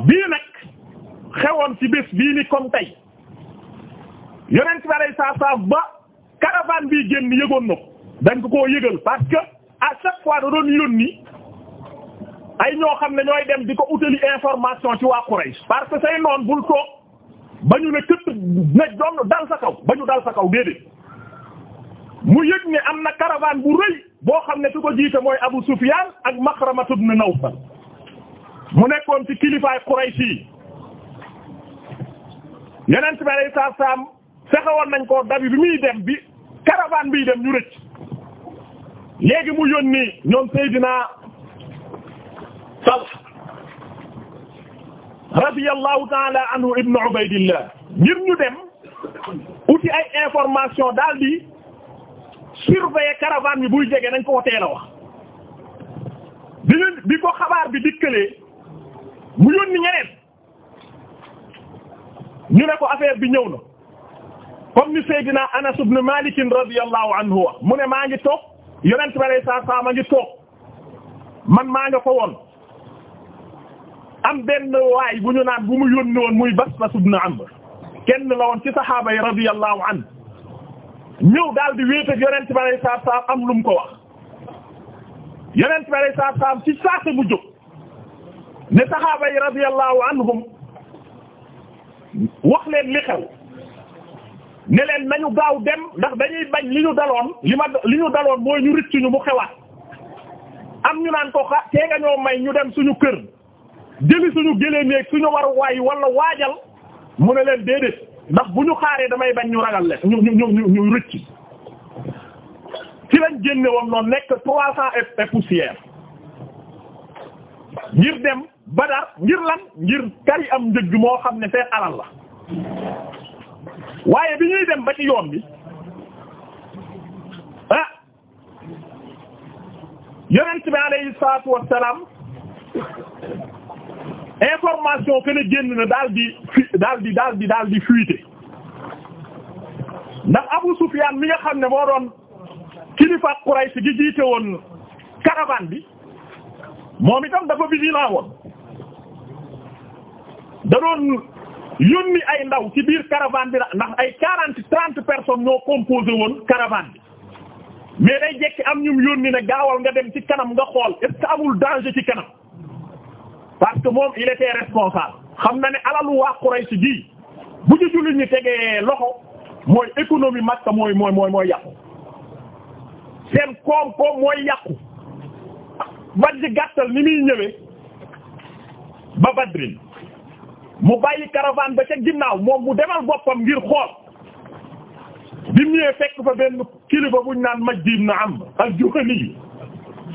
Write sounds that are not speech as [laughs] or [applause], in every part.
bii nag xewoon ci bés bii ni comme tey yonent bi alay saa saaf ba caravane bii génn yëgoon na ko dañ ko koo yëgal parce que à chaque fois da doon yónni ay ñoo xam ne ñooy dem di ko utali information ci waa Quraysh parce que say noon bul toog ba ñu ne këtt na doon dal sa kaw ba ñu dal sa kaw déedéet mu yëg ne am na caravane bu rëy boo xam ne fi ko jiite mooy Abu Sufyan ak Makhramatu ibn Nawfal mu nekkoon ci kilifaay Qurayshi yi yeneen ci saa saam fexewoon nañ koo dabi bi muy dem bi caravane biy dem ñu rëcc léegi mu yónni ñoom Seydina Talha radiyallahu ta'ala anhu ibnu Ubaydillah ngir ñu dem uti ay information daal di surveiller caravane bi buy jege nañ ko teela wax bi ñu bi ko xabaar bi dikkalee mu yónni ñeneen ñu ne ko affaire bi ñëw na comme ni Seydina Anas ibn Malik radiyallahu anhu mu ne maa ngi toog yonent bi alayhi salaatu salaam a ngi toog man maa ngi ko woon am benn waay bu ñu naan bu mu yónni woon muy Basbas ibn Amr kenn la woon ci saxaaba yi radiyallahu anhu ñëw daal di wéet ak yonent bi alayhi salaatu salaam am lu ko wax yonent bi alayhi salaatu salaam ci saase bu jóg. ne saxaaba yi radiyallahu anhum wax leen li xew ne leen nañu gaaw dem ndax dañuy bañ li ñu daloon li ma li ñu daloon mooy ñu rëcc ñu mu xewaat am ñu naan ko xa tee nga ñoo may ñu dem suñu kër jëli suñu gëléem ak suñu war waay wala waajal mu ne leen déedéet ndax bu ñu xaaree damay bañ ñu ragal leen ñu ñu ñu ñu rëcc ci lañ génne woon noonu nekk trois cents et poussière ngir dem Badar ngir lan ngir kari am njëg moo xam ne seen alal la waaye bi ñuy dem ba ci yoon bi ah yonent bi alayhi salaatu wassalaam information que ne génn na daal di fu daal di daal ndax Abu Sufyaan mi nga xam ne moo doon kilifa Quraysh gi jiite woon caravane bi moom itam dafa vigilant woon da doon yónni ay ndaw ci biir caravane bi ndax ay quarante trente personne ñoo composé woon caravane bi mais day jekki am ñum yónni ne gaawal nga dem ci kanam nga xool est-ce amul danger ci kanam parce que moom il était responsable xam na ne alalu waa Quraysh gi bu ñu jullit ñu tegee loxo mooy économie Makka mooy mooy mooy mooy yàqu seen koom-koom mooy yàqu bat ji gàttal ni muy ñëwee ba badrin mu bàyyi caravane ba ca ginnaaw moom mu demal boppam ngir xool bi mu ñëwee fekk fa benn kilifa buñ naan Majdi ibn Amr al-Juhani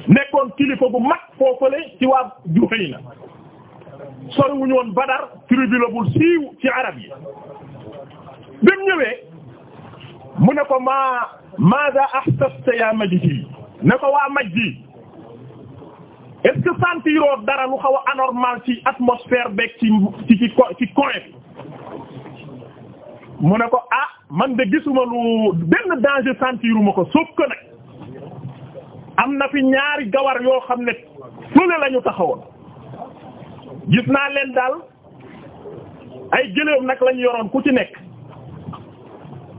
nekkoon kilifa bu mag foofale ci waa Juhayna soriwuñu woon Badar tribu siiw ci arab yi bi mu ñëwee mu ne ko maa maada ahsasta ya Majdi ne ko waa Majdi est-ce que dara lu xaw a anormal ci atmosphère beeg ci ci ci ci coin mu ne ko ah man de gisuma lu benn danger sentiruma ko sauf nag am na fi ñaari gawar yoo xam ne fële lañu ñu taxawoon gis naa leen daal ay gëléem nag lañu yoroon ku ci nekk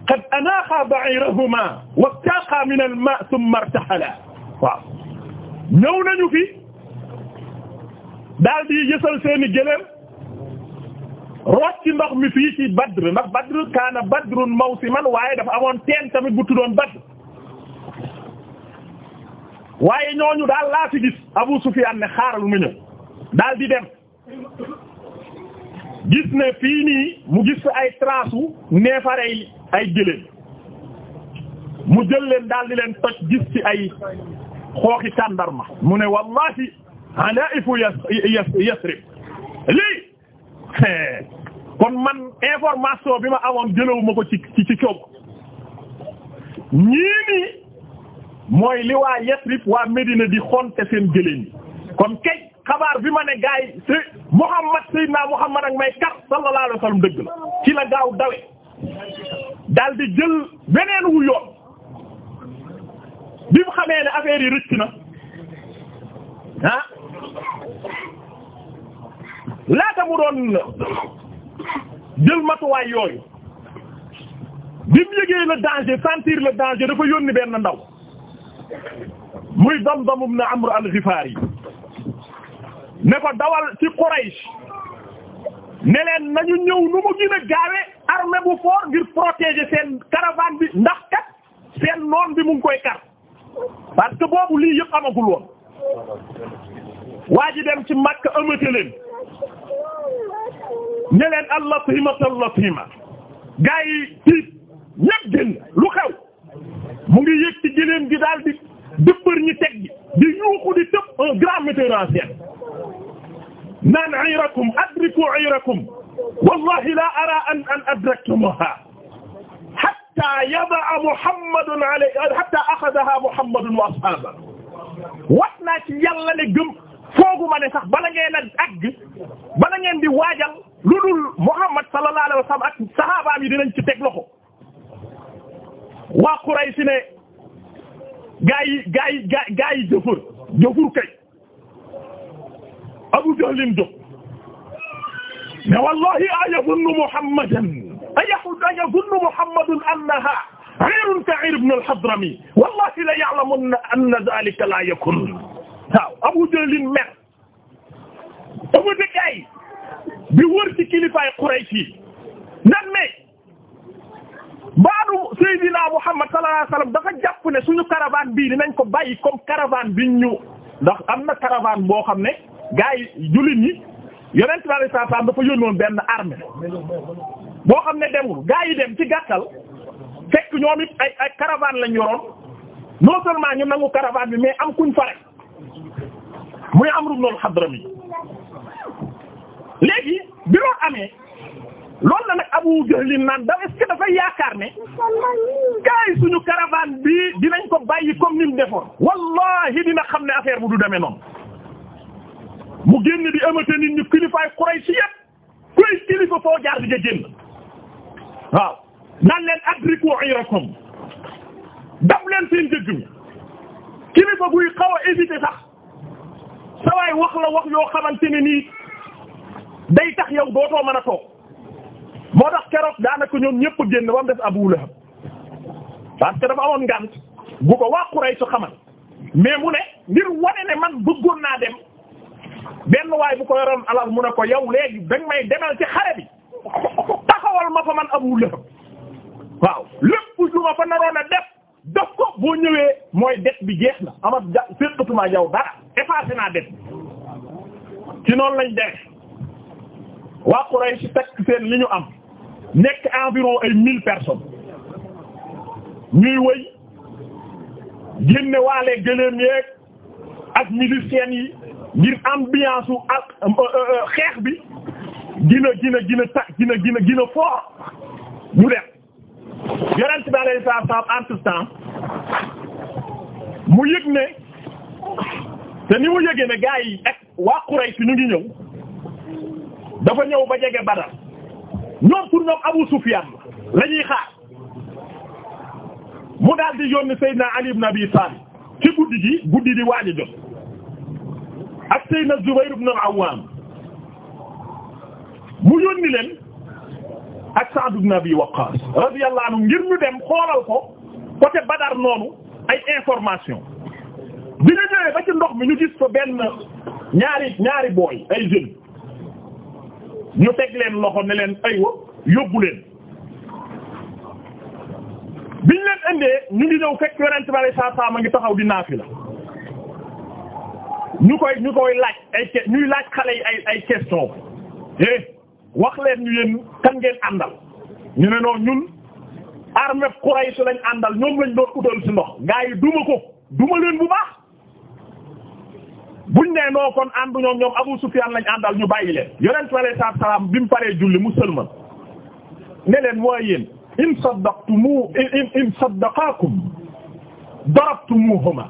qad anaaxa ba'irahuma wastaaqa min al ma' thumma waaw ñëw nañu fi daal di yësal seeni gëléem root ndox mi fii ci Badr ndax Badr kaana Badrun mawsiman waaye dafa amoon teen tamit bu tuddoon Badr waaye ñooñu daal laa fi gis Abu Sufyaan ne xaaral mu ñëw daal di dem gis ne fii nii mu gis ay trace u neefarey ay gëléem mu jël leen daal di leen toj gis ci ay xooxi tàndarma mu ne wallahi hadaifu Yasrib lii kon man information bi ma amoon jëlawuma ko ci ci ci coob ñii nii mooy li waa Yasrib waa Médina di xonte seen gëléen yi kon kay xabaar bi ma ne gaay si Muhammad Seydina Muhammad ak may kar sallallahu alayhi wasallam dëgg la ci la gaaw dawe daal di jël beneen wu yoon bi mu xamee ne affaire yi na ah laata mu doon jël matuwaay yooyu bi mu yëgee le danger sentir le danger dafa yónni benn ndaw muy Damdam ibn Amr al-Ghifari ne ko dawal ci Quraysh ne leen nañu ñëw nu mu gën gaawe armée bu fort ngir protéger seen caravane bi ndax kat seen noon bi mu ngi koy kar parce boobu lii yëpp amagul woon waa ji dem ci Makka amate leen ne leen al latimatal latima gaa yi tiit ñépp génn lu xew mu ngi yëg ci géléem gi daal di dëppër ñi teg di yuuxu di tëb un grand metteur naan ayrakum adriku ayrakum wallahi la ara an an adraktumuha hatta yada'a muhammadun alayhi hatta akhadaha muhammadun wa ashabuhu wat naa foogu ma ne sax bala ngeen a àgg ngeen di waajal lu dul Muhammad sallallahu alayhi wa sallam ak saxaabaam yi dinañ ci teg loxo waa Quraysh ne gaa yi gaa yi gaa gaa yi jëfër jëfër kay Abu Jahlin jóg ne wallahi ayazunnu Muhammadan ayazunnu Muhammadun annaha ghayrun wallahi la ya'lamunna anna dhalika la yakun Abu Jahlin mer Abu Dikay bi wër ci kilifaay Quraysh yi nan mais baanu Seydina Muhammad sallallahu alayhi wasallam dafa jàpp ne suñu caravane bii dinañ ko bàyyi comme caravane bi ñu ndax am na caravane boo xam ne gaa yi jullit ñi yonent bi sallallahu alayhi dafa yónnoon benn armée boo xam ne demul gaa yi dem ci gàttal fekk ñoom it ay ay caravane lañ yoroon non ñu nangu caravane bi mais am kuñ fare muy Amru ibn al-Hadrami léegi bi loolu amee loolu la nag Abu Jahl naan da est-ce dafay yaakaar ne kaay suñu caravane bi dinañ ko bàyyi comme ni mu defoon wallahi dina xam ne affaire bu du demee noonu mu génn di amate nit ñu kilifaay Quraysh yépp kuy kilifa foo jaar di nga waaw naan leen adriku irakum dab leen seen jëgg mi kilifa buy xaw a éviter sax sawaay wax la wax yoo xamante ne nii day tax yow dootoo man a toog moo tax keroog daanaka ñoom ñëpp génn ba mu des Abu Lahab parce dafa amoon ngànt bu ko waa Quraysh xamal mais mu ne ngir wane ne man bëggoon naa dem benn waay bu ko yoroon alal mu ne ko yow léegi dañ may demal ci xare bi taxawal ma fa man Abu Lahab waaw lépp lu fa naroon a def def boo ñëwee mooy det bi jeex na amat ja séqatuma yow dara effacé naa det ci noonu lañ def waa Quraysh takk seen li ñu am nekk environ ay mille personnes ñuy wëy génne waale gëléem yeeg ak miliciens yi ngir ambiance u ak euh, euh, euh, xeex bi gina gina gina ta gina gina gina fort mu def yonent bi alayhi salaatu wa salaam mu yëg ne te ni mu yëgee ne gaa yi ak waa Quraysh ñu ngi ñëw dafa ñëw ba jege Badar ñoom pour ñoom Abu Sufyan la ñuy xaar mu daal di yónni Seydina Ali ibn Abi Talib ci guddi gi guddi di waaj jot ak Seydina Zubayr ibn al-Awwam mu yónni leen ak Sa'd ibn Abi Waqqas radiyallahu anhu ngir ñu dem xoolal ko côté Badar noonu ay information bi ñëwee ba ci ndox mi ñu gis ko benn ñaari ñaari booy ay jeunes. ñu teg leen loxo ne leen aywa yóbbu leen biñ leen indee ñu ngi ñëw fekk yonent bale saa saa ma ngi taxaw di naafila ñu koy ñu koy laaj ay ñuy laaj xale yi ay ay question eh wax leen ñu yéen kan ngeen àndal ñu ne noonu ñun armée Quraysh lañ àndal ñoom lañ doon utal si ndox gaa yi duma ko duma leen bu baax buñ nee noo kon àndu ñoom ñoom Abu Sufyan lañ àndal ñu bàyyi leen yonent bi alayhi salaatu salaam bi mu paree julli mu sëlman ne leen mooy yéen in saddaqtumu in saddaqaakum darabtumuhuma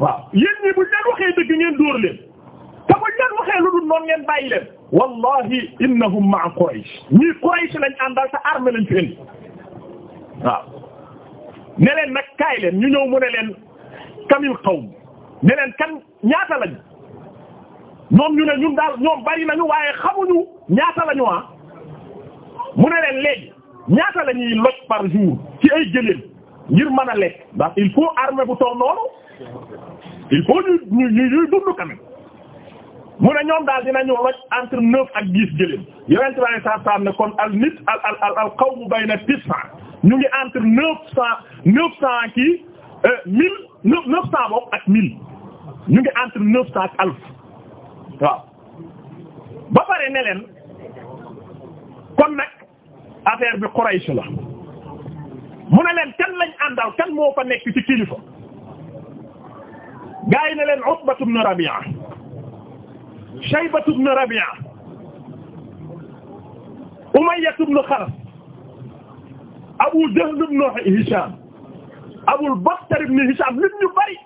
waaw yéen ñi buñ leen waxee dëgg ngeen dóor leen te buñ leen waxee lu dul noonu ngeen bàyyi wallahi innahum ma'a Quraysh ñii Quraysh lañ àndal te armée lañ fi indi ne leen nag kaay ñu ñëw mu ne leen kamil qawm ne leen kan ñaata lañ ñoom ñu ne ñun daal ñoom bari nañu waaye xamuñu ñaata lañu ah mu ne leen léegi ñaata lañuy ñuy loj par jour ci ay gëléem ngir mën a lekk ndax il faut armée bu toog noonu il faut ñu ñu ñuy dund quand même mu ne ñoom daal dinañu loj entre neuf ak dix gëléem yeneen trois cent cent ne kon al nit al al al al qawmu bayna ñu ngi entre neuf cent neuf cent kii euh, mille ak mille. ñu ngi entre neuf cent ak alf waaw ba pare ne leen kon nag affaire bi Quraysh la mu ne leen kan lañ àndal kan moo fa nekk ci kilifa ne leen Utba ibn Rabi'a Shayba ibn Rabi'a Umayya ibn Khalaf Abu Jahl ibn Hisham Abul Baktar ibn Hisham nit ñu bari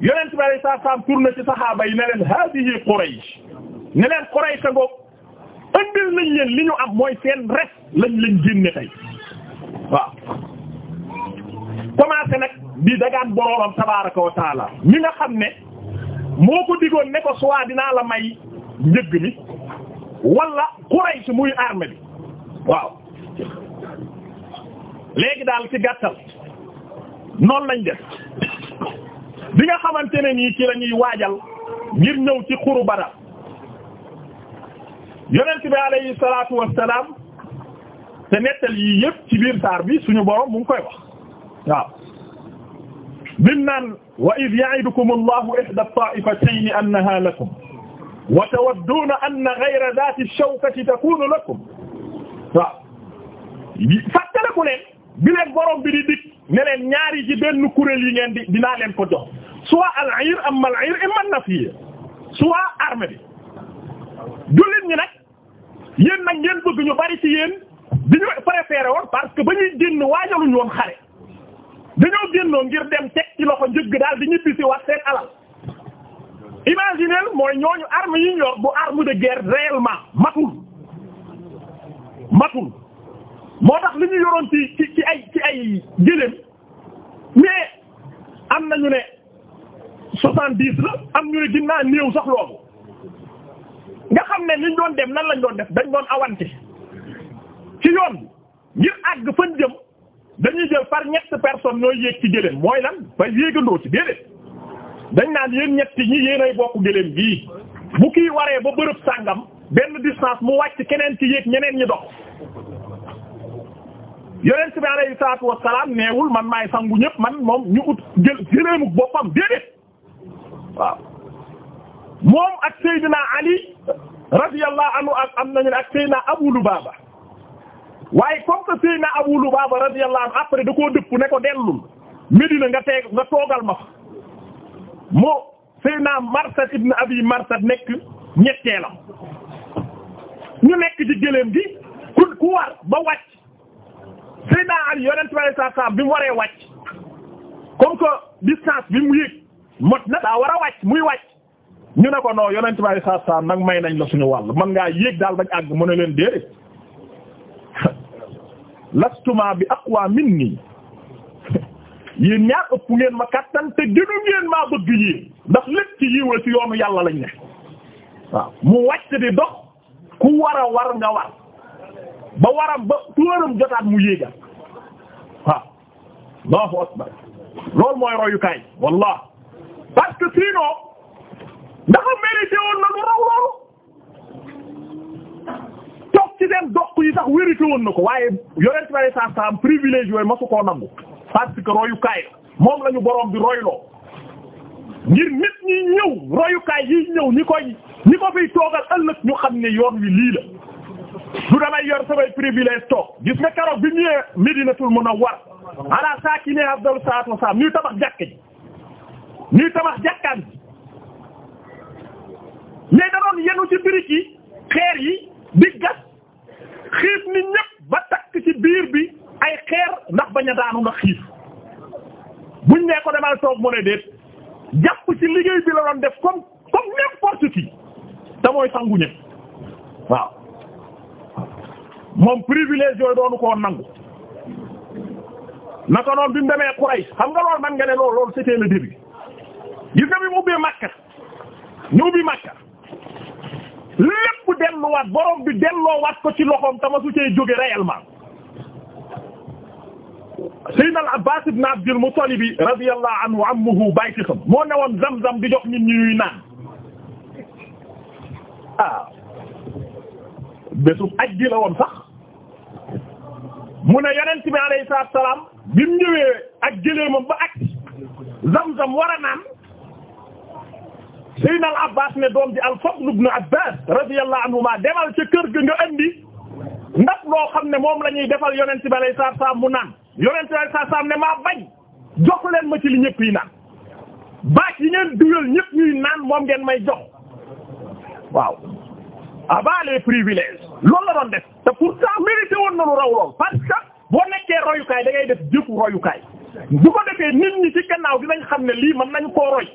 yonent bi alayhi salaam tourné ci saxaaba yi ne leen hadihi Quraysh ne leen Quraysh sa bopp ëndil nañ leen li ñu am mooy seen res lañ leen génne tey waaw. commencé nag di dagaan boroomam tabaaraka wa taala nga xam ne moo ko digoon ne ko soit dinaa la may njëgg mi wala Quraysh muy armée bi waaw léegi daal ci gàttal noonu lañ def. bi nga xamante ne nii ci la ñuy waajal ngir ñëw ci xuru Badar yonent bi alayhi salaatu wassalaam te nettal yii yëpp ci biir saar bi suñu borom mu wax waaw bim naan wa id ya'idukum allahu ihda at-ta'ifatayn annaha lakum wa tawadduuna anna ghayra dhati ash-shawkati takunu lakum waaw fàttaliku leen bi leen borom bi di dig ne leen ñaari ci kuréel yi ngeen di dinaa leen ko jox soit al ayr am al ayr imma nafiya soit armée bi jullit ñi nag yéen nag ngeen bëgg ñu bari ci yéen di ñu préféré woon parce ba ñuy génn waajaluñu woon xare dañoo génnoo ngir dem teg ci loxo njëg daal di ñibbisi wax seen alal imaginez mooy ñooñu arme yi ñu yor bu arme de guerre réellement matul matul moo tax li ñu yoroon ci ci ci ay ci ay gëléem mais am nañu ne soixante-dix la am ñu ne dinaa néew sax loolu nga xam ne liñ doon dem nan lañ doon def dañ doon awante ci yoon bi ngir àgg fan jëm dañuy jël par ñett personne ñooy yéeg ci gëléem mooy lan ba yéegandoo ci déedéet dañ naan yéen ñett ñi yéenay bokk gëléem gii bu kii waree ba bërëb sàngam benn distance mu wàcc keneen ki yéeg ñeneen ñi dox yonent bi alayhi salaatu wassalaam neewul man maay sangu ñëpp man moom ñu ut gël gëléemuk boppam déedéet waaw moom ak Seydina Ali radiyallahu anhu ak am nañu ne ak waaye comme que Seydina Abu Lubaba radiyallahu anhu après da koo dëpp ne ko dellul Medina nga teeg nga toogal ma fa moo Seydina Marsad ibn Abi Marsad nekk ñetteelam ñu nekk di gëléem gi ku ku war ba wàcc Seydina Ali yonent bi sallallahu alayhi bi mu waree wàcc comme que distance bi mu yéeg mot na daa war a wàcc muy wàcc ñu ne ko non yonent bi saa saa nag may nañ la suñu wàll man ngaa yéeg daal bañ àgg mu ne leen déedéet [laughs] lastuma bi aqwa minni [laughs] yéen ñaar ëpp ngeen ma kattan te gënu ngeen maa bëgg yéen ndax lépp ci yiwee ci yoonu yàlla lañ ne waaw mu wàcc di dox ku war a war nga war ba waram ba ku waram jotaat mu yéegal waaw Allahu mooy royukaay wallah parce que sinon ndax mérité woon na lu raw loolu toog ci seen doq yi sax wérité woon na ko waaye yonent bi saa saa am privilège yooyu masu koo nangu parce que royukaay moom la ñu borom bi royloo ngir nit ñi ñëw royukaay yi ñëw ñi koy ñi ko fiy toogal ëllëg ñu xam ne yoon wi lii la du damay yor samay privilège toog gis nga keroog bi ñëwee Medinatul Munawwar ala saakinihaa afdalu salaatu wa salaam ñuy tabax jàkk ji ñuy tabax jàkkaan ji mais da yenu ci brique yi xeer yi di gas xiif ni ñépp ba takk ci biir bi ay xeer ndax bañ a daanu ndax xiif buñ nee ko demal toog mu ne déet jàpp ci liggéey bi la doon def comme comme n'importe qui te mooy sangu ñépp waaw moom privilège yooyu doonu ko nangu naka noonu bi mu demee Quraysh xam nga loolu man nga ne loolu loolu c'était le début gis nga bi mu ubbee Makka ñu ubbi Makka lépp delluwaat borom bi delloowaat ko ci loxoom tama su cee jóge réellement Seydina al-Abbaas ibn Abdul Muttalib radiyallahu anhu ammuhu bayti xam moo newoon Zamzam di jox nit ñi ñuy naan ah bésub ajji la woon sax mu ne yonent bi alayhi salaatu wa salaam bi mu ñëwee ak jëlee ba ak Zamzam war a naan Seydina al Abbas ne doom ji al Fadl ibn Abbas radiyallahu anhuma demal ca kër ga nga andi ndax loo xam ne moom la ñuy defal yonent bi alayhi salaatu salaam mu naan yonent bi alayhi salaatu salaam ne maa bañ jox leen ma ci li ñëpp yi naan baac yi ngeen duyal ñëpp ñuy naan moom ngeen may jox waaw avant les privilèges loolu la doon def te pourtant mérité woon na lu raw lool parce que boo nekkee royukaay da ngay def jëfu royukaay bu ko defee nit ñi ci gannaaw dinañ xam ne lii mën nañu koo roy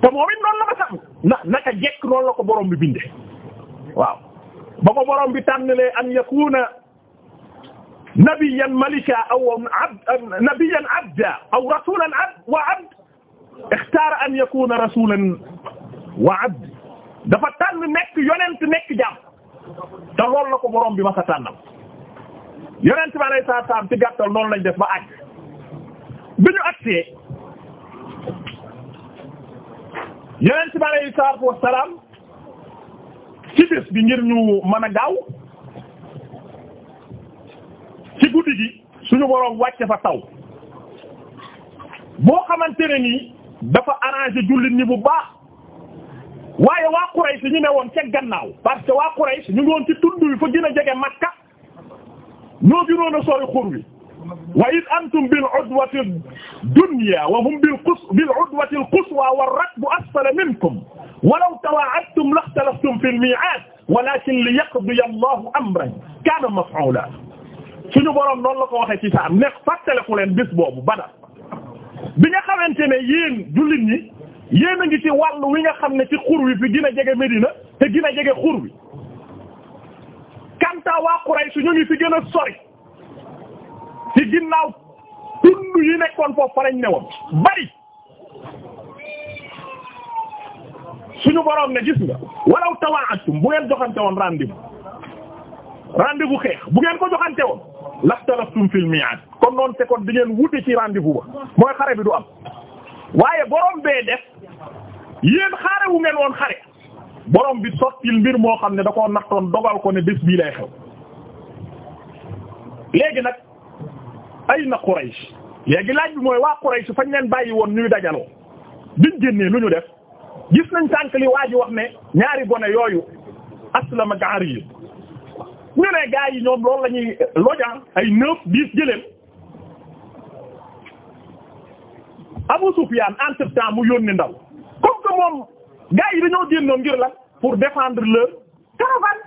te moom it noonu la ma na naka jekk noonu la ko borom bi bindee waaw ba ko borom bi tànnalee an yakuna nabiyyan malika aw abd nabiyyan abda aw rasulan abd wa abd ixtaara an yakuna rasulan wa abd dafa tànn nekk yonent nekk jaam te loolu la ko borom bi ma sa yonent bi alayhi salaam ci gàttal noonu lañ def ba àgg bi ñu àggsee yeneen ci bari salaatu wassalaam ci bés bi ngir ñu mën a gaaw ci guddi gi suñu boroom wàcce fa taw boo xamante ne nii dafa arrangé jullit ñi bu baax waaye waa Quraysh ñu ne woon ca gannaaw parce que waa Quraysh ñu ngi woon ci tund wi fa gën a jege Makka ñoo gënoon a sori xur wi wa id antum bil udwati dunya wa hum bil qus bil udwati al quswa war rakbu asfala minkum walaw tawa'adtum lakhtalaftum fil mi'ad walakin liyaqdiya Allahu amran kana maf'ula suñu boroom noonu la ko waxee ci saam nekk fàttaliku leen bis boobu Badar bi nga xamante ne yéen jullit ñi yéen a ngi ci wàll wi nga xam ne ci xur wi fi gën a jege Medina te gën a jege xur wi kanta waa Quraysh ñu ngi fi gën a sori ci ginnaaw tund yi nekkoon foofu fa lañ newoon bari suñu boroom ne gis nga walaw tawa'atum bu ngeen joxante woon rendez bu rendez-vous xeex bu ngeen ko joxante woon laxtalaftum fil mi'ad kon noonu te di ngeen wute ci rendez bu ba mooy xare bi du am waaye boroom bee def yéen xare ngeen woon xare boroom bi sottil mbir moo xam ne da koo naxtoon dogal ko ne bés bii lay xew léegi nag ay na Quraysh léegi laaj bi mooy waa Quraysh fañ leen bàyyi woon ñuy dajaloo biñ génnee lu ñu def gis nañ sànq li waa ji wax ne ñaari bone yooyu Aslam ak Ariir ñu ne gaa yi ñoom loolu la ñuy lojaan ay neuf dix jëleen Abu Sufyaan entre temps mu yónni ndaw comme que moom gaa yi dañoo génnoon ngir la pour défendre leur caravane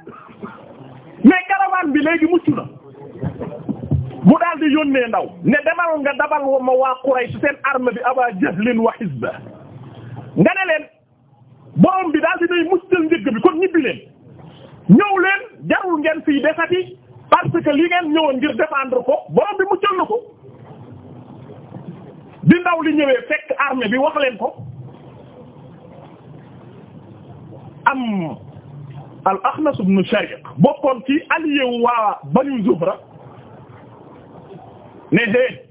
mais caravane bi léegi mucc na yónnee ndaw ne demal nga dabal ma waa Quraysh seen arme bi Aba Jahlin wa hizba nga ne leen borom bi daal di day muccal njëgg bi kon ñibbi leen ñëw leen jarul ngeen fii desati parce que li ngeen ñëwoon ngir défendre ko borom bi muccal na ko di ndaw li ñëwee fekk arme bi wax leen ko am al Axnas ibn Shariq bokkoon ci allié waa Banu Zuhra ne hé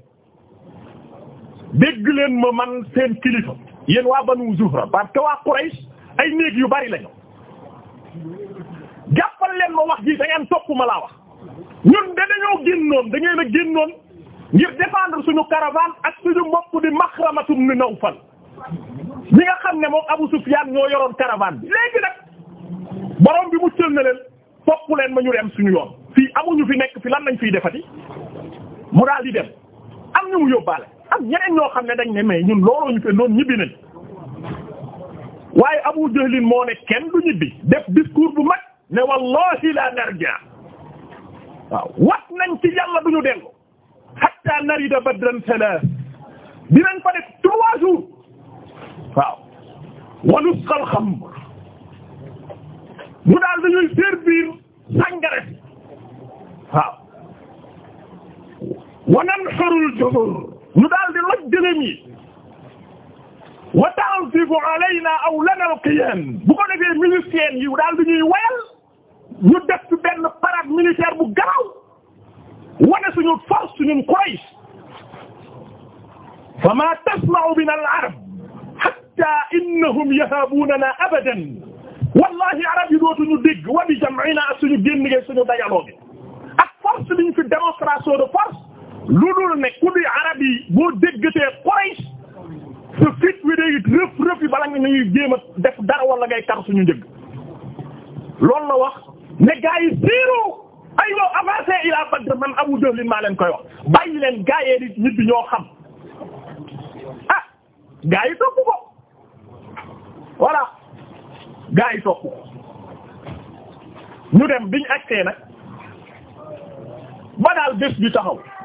dégg leen ma man seen kilifa yéen waa banu Zuhra parce que waa Quraysh ay néeg yu bari lañu jàppal leen ma wax ji da ngeen topp ma laa wax ñun de dañoo génnoon da a génnoon ngir défendre suñu caravane ak suñu mbokk di Maxramatum ni Nawfal ñi nga xam ne moom Abu Sufyaan ñoo yoroon caravane bi léegi nag borom bi muccal na leen topp leen ma ñu dem suñu yoon fii amuñu fi nekk fi lan lañ fiy defati mu daal di dem am ñu mu yóbbaale am ñeneen ñoo xam ne dañ ne mais ñun looloo ñu fe noonu ñibbi nañ waaye Abu Jahlin moo ne kenn du ñibbi def discours bu mag ne wallahi la narja waaw wat nañ ci yàlla du ñu dellu hatta narida badran salas dinañ fa def trois jours waaw wa nusqa al xamr mu daal dañuy servir sangara waaw wa nanxarul jubur ñu daal di loj gëlëm yi wa ta'zifu alayna awlana alqiyam bu ko defee miliciens yi daal di ñuy wayal ñu def ci benn parade militaire bu garaw wane suñu force ñun Quraysh fama tasma'u min al-arab hatta innahum yahabunana abadan wallahi arab yi dootuñu dégg wa bi jam'ina suñu génn suñu dajaloo gi ak force bi ñu fi démonstration de force lu dul ne ku di arab yi boo déggatee Quraysh sa fit wi day rëf rëf yi bala nga ñuy jéem a def dara wala ngay kar suñu njëg loolu la wax ne gaa yi siiru aywa avancé ila Badr man Abu Jahl maa leen koy wax bàyyi leen gaa yee di nit ñoo xam ah gaa yi topp ko voilà gaa yi topp ko ñu dem biñ agsee nag ba daal bés bi taxaw